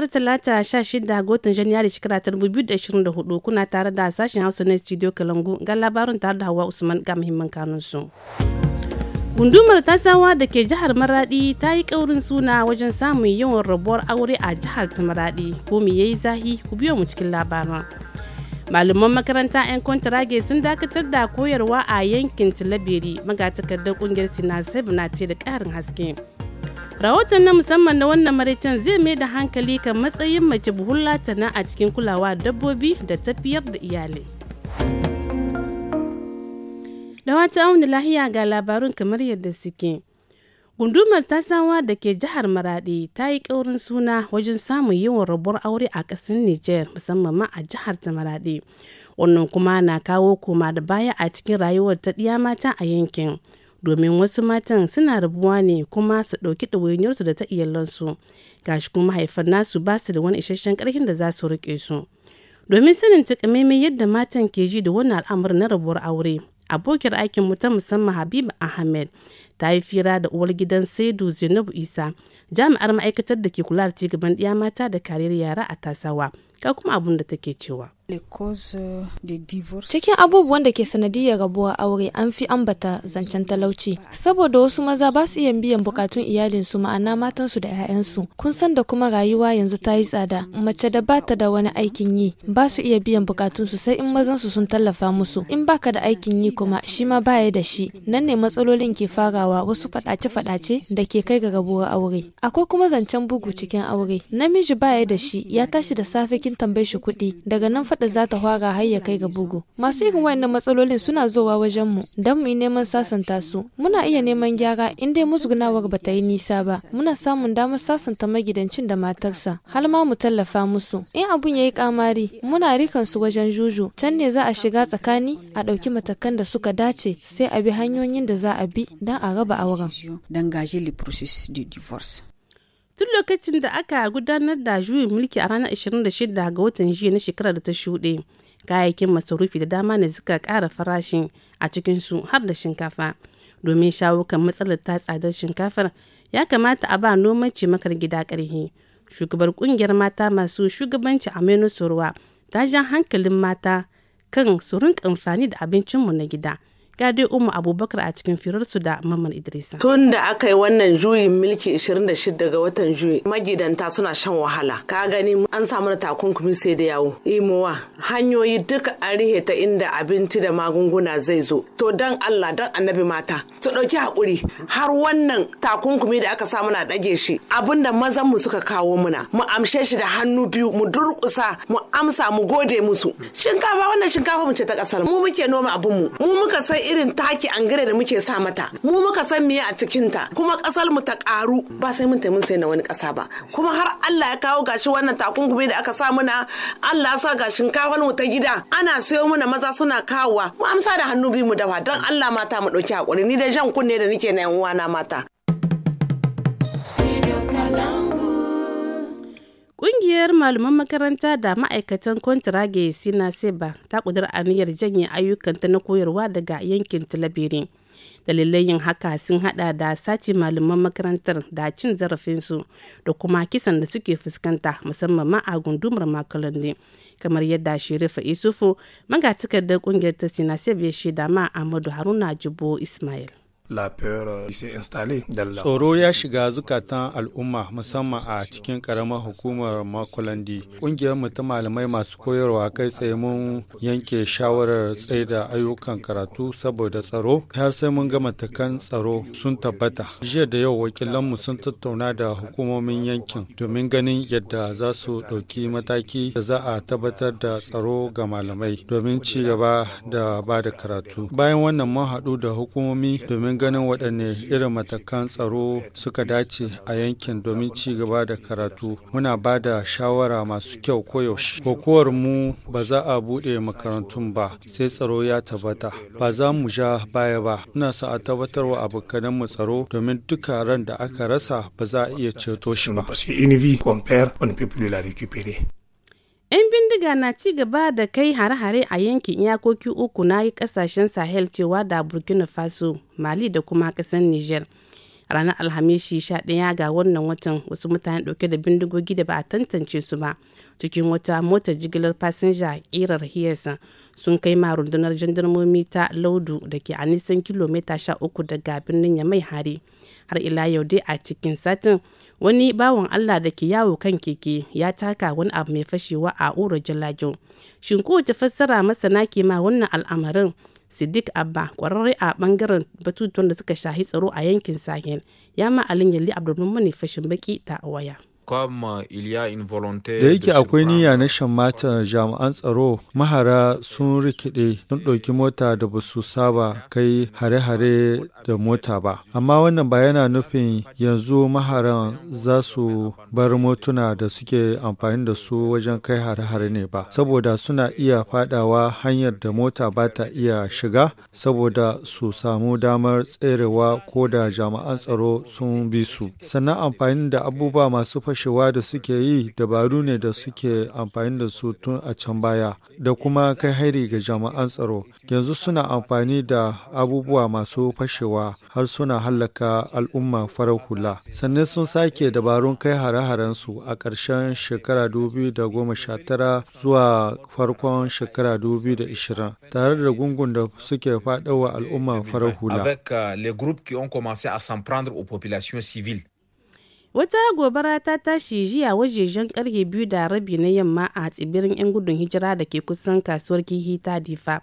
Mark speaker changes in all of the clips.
Speaker 1: ranar talata 16 ga watan janairu shekara 2024 kuna tare da sashen hausa na studio kalangu ga labarin tare da hawa usman ga muhimman kanunsu gundumar tasawa da ke jihar maradi ta yi kaurin suna wajen samun yawan rabuwar aure a jihar ta maradi ko mu yayi zahi ku biyo mu cikin labaran malaman makaranta 'yan kwantarage sun dakatar da koyarwa a yankin tilabiri magatakardar kungiyar sinasai na ce da karin haske rahoton na musamman na wannan maraicen zai mai da hankali kan matsayin mace buhulla tana a cikin kulawa dabbobi da tafiyar da iyalai dawata wata lahiya ga labarun kamar yadda suke gundumar tasawa da ke jihar maraɗi ta yi ƙaurin suna wajen samun yawan rabuwar aure a ƙasar niger musamman ma a jihar ta maraɗi wannan kuma na kawo koma da baya a cikin rayuwar ta ɗiya mata a yankin domin wasu matan suna rabuwa ne kuma su ɗauki ɗawainiyarsu da ta iyalansu gashi kuma haifar nasu ba su da wani isasshen ƙarfin da za su riƙe su domin sanin takamaimai yadda matan ke ji da wannan al'amarin na rabuwar aure abokiyar aikin mu ta musamman habiba ahmed ta yi fira da uwar gidan saidu zainabu isa jami'ar ma'aikatar da ke kula da cigaban ɗiya mata da kariyar yara a tasawa ka kuma abun da take cewa
Speaker 2: Euh, cikin abubuwan da ke sanadiyar rabuwar aure an fi ambata zancen talauci, saboda wasu maza ba su iya biyan bukatun iyalinsu ma'ana matansu da 'ya'yansu. Kun san da kuma rayuwa yanzu ta yi tsada, mace da ba ta da wani aikin yi ba su iya biyan bukatunsu sai in mazansu sun tallafa musu. In baka da aikin yi kuma shi ma baya da shi, nan ne matsalolin ke farawa wasu faɗace-faɗace da ke kai ga rabuwar aure. Akwai kuma zancen bugu cikin aure, namiji baya da shi ya tashi da safe kin tambaye shi kuɗi daga nan da za ta hwaga har ya kai ga bugu. Masu irin wayannan matsalolin suna zowa wajen mu dan mu yi neman sasanta su. Muna iya neman gyara in dai musgunawar ba ta yi nisa ba. Muna samun damar sasanta magidancin da matarsa, har ma mu tallafa musu. In abun ya yi kamari, muna rikan su wajen juju. Can ne za a shiga tsakani a ɗauki matakan da suka dace sai a bi hanyoyin da za a bi don a raba auren.
Speaker 1: le processus de
Speaker 2: tun lokacin da aka gudanar da juyin mulki
Speaker 1: a ranar 26 ga watan jiya na shekarar da ta shuɗe kayayyakin masarufi da dama ne suka ƙara farashin a cikinsu har da shinkafa domin shawo kan matsalar ta tsadar shinkafar ya kamata a ba noman cimakar gida ƙarhi shugabar ƙungiyar mata masu shugabanci a mainosorwa ta ja hankalin mata kan su rinka amfani da abincinmu na gida ga dai umu abubakar a cikin firarsu da mamman idrisa tun da aka yi wannan juyin mulki 26 ga watan juyi magidanta suna shan wahala ka gani an samu takunkumi sai da yawo imowa hanyoyi duk a rihe ta inda abinci da magunguna zai zo to dan allah dan annabi mata su ɗauki hakuri har wannan takunkumi da aka samu na ɗage shi abinda mazan mu suka kawo muna mu amshe shi da hannu biyu mu durƙusa mu amsa mu gode musu shinkafa wannan shinkafa mu ce ta ƙasar mu muke noma abin mu mu muka san irin taki angare da muke sa mata mu muka san miye a cikin ta kuma kasar mu ta karu ba sai mun taimun sai na wani kasa ba kuma har Allah ya kawo gashi wannan takunkumi da aka sa muna Allah ya sa ga shinkafar mu ta gida ana sayo muna maza suna kawowa mu amsa da hannu biyu mu dafa don Allah mata mu dauki hakuri ni da jan kunne da nike na yan uwana mata Ƙungiyar malaman makaranta da ma'aikatan kwantirage Sina Seba ta ƙudur aniyar janye ayyukanta na koyarwa daga yankin Tilabiri. Dalilan yin haka sun hada da sace malaman makarantar da cin zarafinsu da kuma kisan da suke fuskanta musamman ma a gundumar makalanni kamar yadda Shirifa Isufu magatakardar ƙungiyar ta Sina Seba ya shaida ma Ahmadu Haruna Jibo Ismail.
Speaker 3: la peur s'est installée dans la Tsoro ya shiga zukatan al'umma musamman a cikin karamar hukumar Makolandi. Kungiyar mu ta malamai masu koyarwa kai tsaye mun yanke shawarar tsaye da ayyukan karatu saboda tsaro har sai mun gama takan tsaro sun tabbata. Jiya da yau wakilan mu sun tattauna da hukumomin yankin domin ganin yadda za su ɗauki mataki da za a tabbatar da tsaro ga malamai domin ci gaba da bada karatu. Bayan wannan mun haɗu da hukumomi domin ganin waɗanne irin matakan tsaro suka dace a yankin domin ci gaba da karatu muna ba da shawara masu kyau koyaushe kokowar mu ba za a buɗe makarantun ba sai tsaro ya tabbata ba za mu ja baya ba muna sa a tabbatar wa abokanan mu tsaro domin duka ran da aka rasa ba za a iya ceto shi ba
Speaker 1: 'yan bindiga na ci gaba da kai hare-hare a yankin iyakoki uku na yi kasashen sahel cewa da burkina faso mali da kuma kasar niger ranar alhamishi sha ɗaya ga wannan watan wasu mutane ɗauke da bindigogi da ba a tantance su ba cikin wata motar jigilar fasinja ƙirar hiyarsa sun kai ma rundunar jandarmomi ta laudu da ke a nisan kilomita sha uku daga birnin ya mai hari har ila yau dai a cikin satin wani bawan allah da ke yawo kan keke ya taka wani abu mai fashewa a oro jalajo shin kowace fassara masana ke ma wannan al'amarin Siddiq Abba kwararre a bangaren batutuwan da suka shahi tsaro a yankin Sahel ya ma Alin Yalli Abdulmumin fashin baki ta waya.
Speaker 4: Euh, da yake
Speaker 3: akwai niyya na shan mata jami'an tsaro mahara sun rikide sun ɗauki mota da ba su saba kai hare-hare da mota ba. Amma wannan ba yana nufin yanzu maharan za su bar motuna da suke amfani da su wajen kai hare-hare ne ba. Saboda suna iya fadawa hanyar da mota ba ta iya shiga saboda su samu damar tserewa ko da jami'an tsaro sun bi su. Sannan amfani da abubuwa masu fashe rushewa da suke yi dabaru ne da suke amfani da su tun a can baya da kuma kai hari ga jami'an tsaro yanzu suna amfani da abubuwa masu fashewa har suna hallaka al'umma farar hula sannan sun sake dabarun kai hare-haren su a ƙarshen shekara 2019 zuwa farkon shekara 2020 tare da gungun da suke faɗawa al'umma farar hula.
Speaker 4: Euh,
Speaker 1: Wata gobara ta tashi jiya wajejen karfe biyu da rabi na yamma a tsibirin 'yan gudun hijira da ke kusan kasuwar kihi ta difa.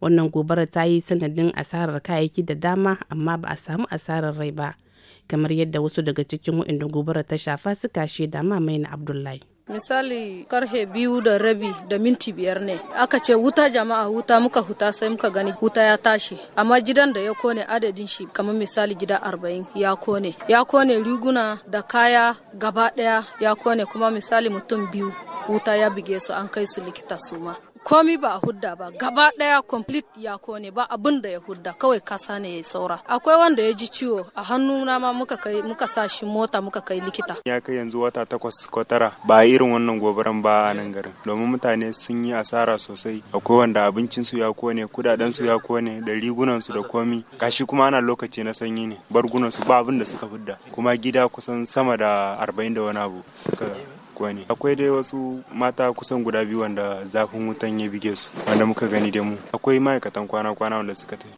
Speaker 1: Wannan gobara ta yi sanadin asarar kayayyaki da dama amma ba a samu asarar rai ba. Kamar yadda wasu daga cikin waɗanda gobara ta shafa suka shaida mamaina Abdullahi. misali karhe biyu da rabi da minti biyar ne aka ce wuta jama'a wuta muka huta sai muka gani wuta ya tashi amma gidan da ya kone adadin shi kamar misali gida arba'in ya kone ya kone riguna da kaya gaba daya ya kone kuma misali mutum biyu
Speaker 2: wuta ya bige su an kai su likita suma komi ba a hudda ba gaba
Speaker 1: daya complete ya kone ba abin da ya hudda kawai kasa ne ya saura akwai wanda ya ji ciwo a hannuna ma muka kai muka sa shi mota muka kai likita
Speaker 4: ya kai yanzu wata takwas ko tara ba irin wannan gobaran ba a nan garin domin mutane sun yi asara sosai akwai wanda abincin su ya kone kudaden su ya kone da rigunan su da komi gashi kuma ana lokaci na sanyi ne bargunan su ba abin da suka hudda kuma gida kusan sama da arba'in da wani abu suka afkuwa akwai dai wasu mata kusan guda biyu wanda zafin wutan ya bige su wanda muka gani da mu akwai ma'aikatan kwana-kwana wanda suka tafi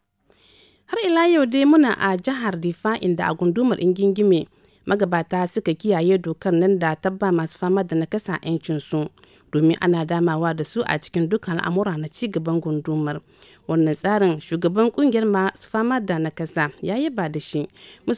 Speaker 1: har ila yau dai muna a jihar difa inda a gundumar ingingime magabata suka kiyaye dokar nan da tabba masu fama da nakasa 'yancinsu domin ana damawa da su a cikin dukkan al'amura na ci gaban gundumar wannan tsarin shugaban kungiyar masu fama da nakasa ya yi ba da shi mu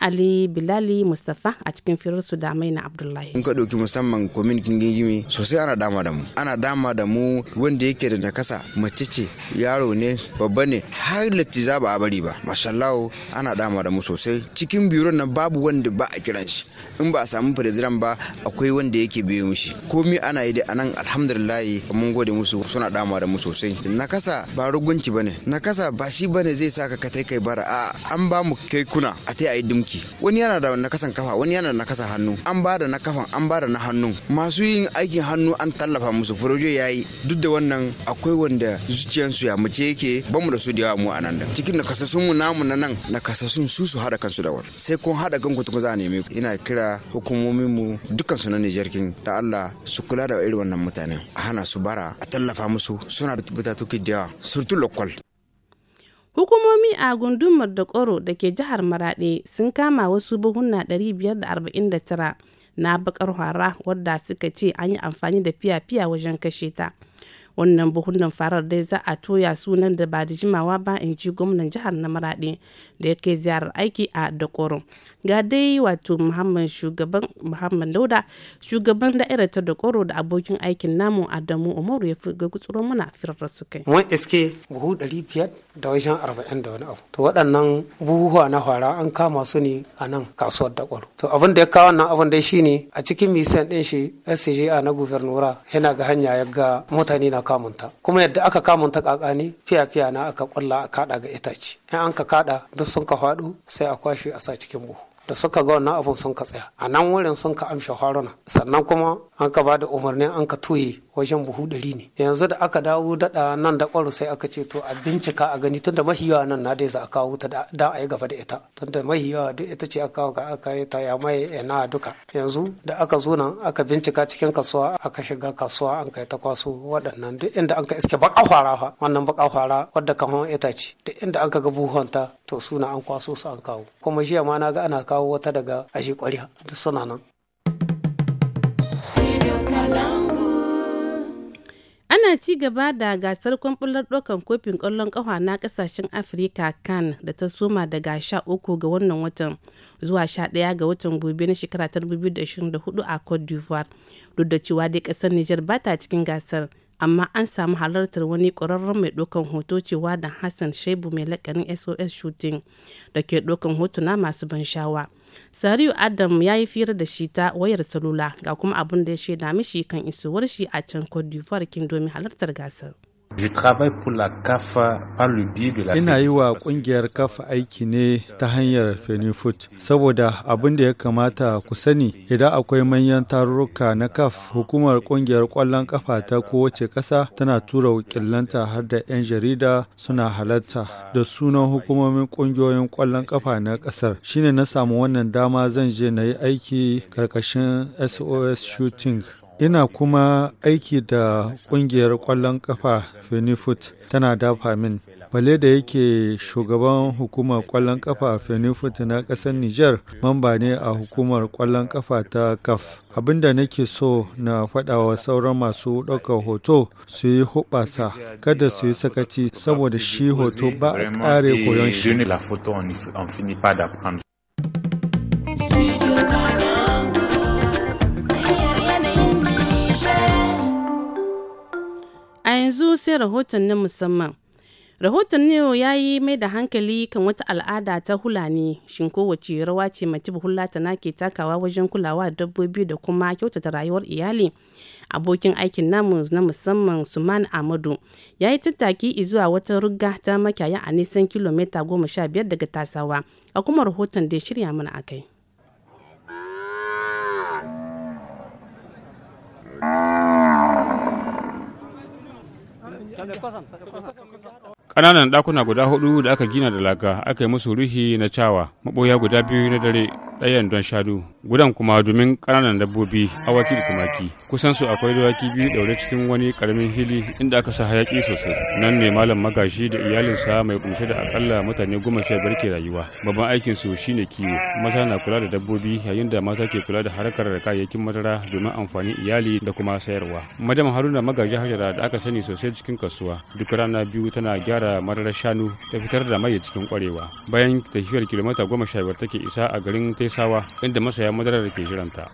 Speaker 1: ali bilali mustafa a cikin firarsu da maina abdullahi
Speaker 5: in ka ɗauki musamman kwamitin gingimi sosai ana dama da mu ana dama da mu wanda yake da nakasa mace ce yaro ne babba ne har latti ba a bari ba mashallah ana dama da mu sosai cikin biro na babu wanda ba a kiran shi in ba a samu firiziran ba akwai wanda yake biyo mishi komi ana yi da anan alhamdulillah mun gode musu suna dama da mu sosai nakasa ba ne na nakasa ba shi ba ne zai sa ka kai bara a an ba mu kai kuna a ta ayi dumki wani yana da nakasan kafa wani yana da kasa hannu an ba da na kafan an ba da na hannu masu yin aikin hannu an tallafa musu furojo yayi duk da wannan akwai wanda zuciyansu ya mace yake bamu da su da yawa mu a nan da cikin nakasassun mu namu na nan nakasassun su su hada kansu da wani sai kun hada kan ku za a nemi. ina kira hukumomin mu dukkan su na Nijar King da Allah su kula da irin wannan mutanen a hana su bara a tallafa musu suna da butatuki da yawa surtout
Speaker 4: local
Speaker 1: Hukumomi a gundumar da Koro da ke jihar Maraɗe sun kama wasu buhunna 549 na bakar hara wadda suka ce an yi amfani da fiya-fiya wajen kashe ta. wannan buhunan farar dai za a toya sunan da ba da jimawa ba in ji gwamnan jihar na maraɗi da ya kai ziyarar aiki a dakoron ga dai wato muhammad shugaban muhammad dauda shugaban da'irar ta dakoro da abokin aikin namu adamu umaru ya fi gutsuro mana firar su kai
Speaker 6: wani iske buhu ɗari biyar da wajen arba'in da wani abu to waɗannan buhuhuwa na hwara an kama su ne a nan kasuwar dakoro to abin da ya kawo nan abin dai shine a cikin misan ɗin shi scga na gubernura yana ga hanya ya ga mutane na kamunta kuma yadda aka kamunta kakani fiya fiya na aka kwalla a kada ga itace in an ka kada duk sun ka faɗo sai a kwashe a sa cikin buhu da suka ga wannan abun sun ka tsaya a nan wurin sun ka amshe haruna sannan kuma an ka ba da umarnin an ka toye wajen buhu ɗari ne yanzu da aka dawo daɗa nan da ƙwaro sai aka ce to a bincika a gani tunda mahi yawa nan na dai za a kawo ta da a yi gaba da ita tunda mahi yawa duk ita ce aka kawo ga aka yi ta ya mai na duka yanzu da aka zo nan aka bincika cikin kasuwa aka shiga kasuwa an kai ta kwaso waɗannan duk inda an ka iske baka fara fa wannan baka fara wadda kan hau ita ce duk inda an ka ga ta to suna an kwaso su an kawo kuma jiya ma na ga ana kawo wata daga ashe ƙwariya duk suna nan
Speaker 1: ana ci gaba da gasar kwamfular ɗaukan kofin ƙwallon ƙafa na ƙasashen afirka kan da ta soma daga 13 ga wannan watan zuwa 11 ga watan gobe na shekara 2024 a cote d'ivoire duk da cewa dai ƙasar niger ba ta cikin gasar amma an samu halartar wani ƙwararren mai ɗaukan hoto cewa da hassan shebu mai lakanin sos shooting da ke ɗaukan hotuna masu ban shawa. Sariu Adam ya yi fira da shi ta wayar salula ga kuma abin da ya shaida mishi kan isowar shi a can Cote d'Ivoire kin domin halartar gasar.
Speaker 3: Ina yi wa ƙungiyar kaf aiki ne ta hanyar Fenifut, saboda abin da ya kamata ku sani idan akwai manyan tarurruka na kaf hukumar ƙungiyar ƙwallon ƙafa ta kowace ƙasa tana tura wakilanta har da 'yan jarida suna halatta da sunan hukumomin ƙungiyoyin ƙwallon ƙafa na ƙasar. Shine na samu wannan dama zan je na yi aiki ƙarƙashin SOS Shooting Ina kuma aiki da ƙungiyar ƙwallon ƙafa Fenifut tana dafa min. Bale da yake shugaban hukumar ƙwallon ƙafa Fenifut na ƙasar niger mamba ne a hukumar ƙwallon ƙafa ta CAF. abinda nake so na faɗawa sauran masu ɗaukar hoto su yi huɓasa kada su yi sakaci saboda shi hoto ba a ƙare koyon shi.
Speaker 1: sai rahoton na musamman. Rahoton ne ya yi mai da hankali kan wata al'ada ta hula ne, shin kowace rawa ce mace hula ta ke takawa wajen kulawa da dabbobi da kuma kyautata rayuwar iyali. Abokin aikin namu na musamman Suman Amadu ya yi tattaki zuwa wata ruga ta makiyaya a nisan kilomita goma sha biyar daga tasawa, a kuma rahoton da shirya mana akai.
Speaker 4: Ƙananan ɗakuna guda hudu da aka gina da laka aka yi musu ruhi na cawa, maɓoya guda biyu na dare, ɗayan don shadu, gudan kuma domin kananan dabbobi awaki da tumaki kusan su akwai dawaki biyu daure cikin wani karamin hili inda aka sa hayaki sosai nan ne malam magashi da iyalinsa mai kumshe da akalla mutane goma sha biyar ke rayuwa babban aikin su shine kiwo maza na kula da dabbobi yayin da mata ke kula da harkar da kayayyakin madara domin amfanin iyali da kuma sayarwa madam haruna magaji hajara da aka sani sosai cikin kasuwa duk rana biyu tana gyara madarar shanu ta fitar da mai cikin kwarewa bayan tafiyar kilomita goma sha biyar take isa a garin taisawa inda masaya madarar da ke jiranta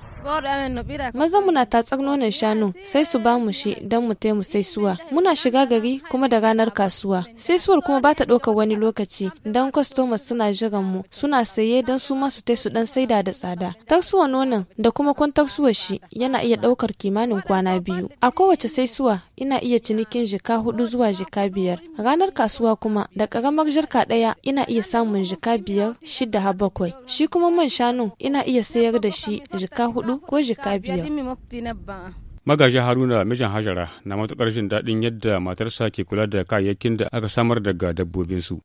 Speaker 2: Mazan muna tatsar nonon shanu sai su ba mu shi don mu taimu sai suwa. Muna shiga gari kuma da ranar kasuwa. Sai suwar kuma ba ta ɗaukar wani lokaci don kwastomas suna jiran mu suna saye don su masu tai su dan saida da tsada. Tarsuwa nonon da kuma kun tarsuwa shi yana iya ɗaukar kimanin kwana biyu. A kowace sai suwa ina iya cinikin jika hudu zuwa jika biyar. Ranar kasuwa kuma da karamar jarka ɗaya ina iya samun jika biyar shida har bakwai. Shi kuma man shanu ina iya sayar da shi jika hudu ko jikabiya. biyar.
Speaker 4: Haruna mijin Hajara na matukar jin daɗin yadda matarsa ke kula da kayayyakin da aka samar daga dabbobinsu.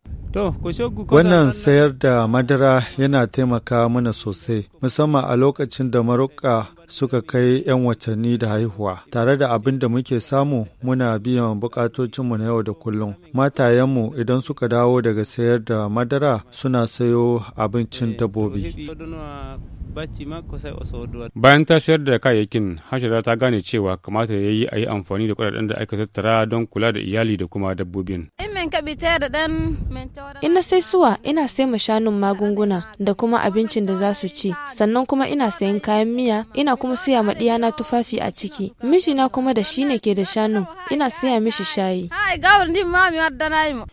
Speaker 3: Wannan sayar da madara yana taimaka mana sosai, musamman a lokacin da maruka suka kai 'yan watanni da haihuwa. Tare da abin da muke samu muna biyan bukatocinmu na yau da kullum. Matayenmu idan suka dawo daga sayar da madara suna sayo abincin dabbobi. Bayan ta sayar da kayayyakin, Hashira ta gane cewa
Speaker 4: kamata ya yi a amfani da kudaden da aka tattara don kula da iyali da kuma dabbobin.
Speaker 2: Ina sai suwa ina sai ma shanun magunguna da kuma abincin da za su ci, sannan kuma ina sayan kayan miya, ina kuma siya ma ɗiyana tufafi a ciki. Mijina kuma da shi ne ke da shanun, ina siya mishi shayi.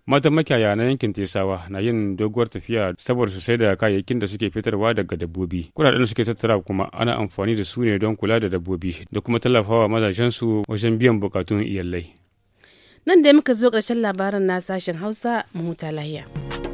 Speaker 4: Matan makiyaya na yankin Tesawa na yin doguwar tafiya saboda su sai da kayayyakin da suke fitarwa daga dabbobi. kuɗaɗen da suke tattara kuma ana amfani da su ne don kula da dabbobi da kuma tallafawa mazajensu wajen biyan bukatun iyalai.
Speaker 1: Nan da muka zo ƙarshen labaran na sashen Hausa mu huta lahiya.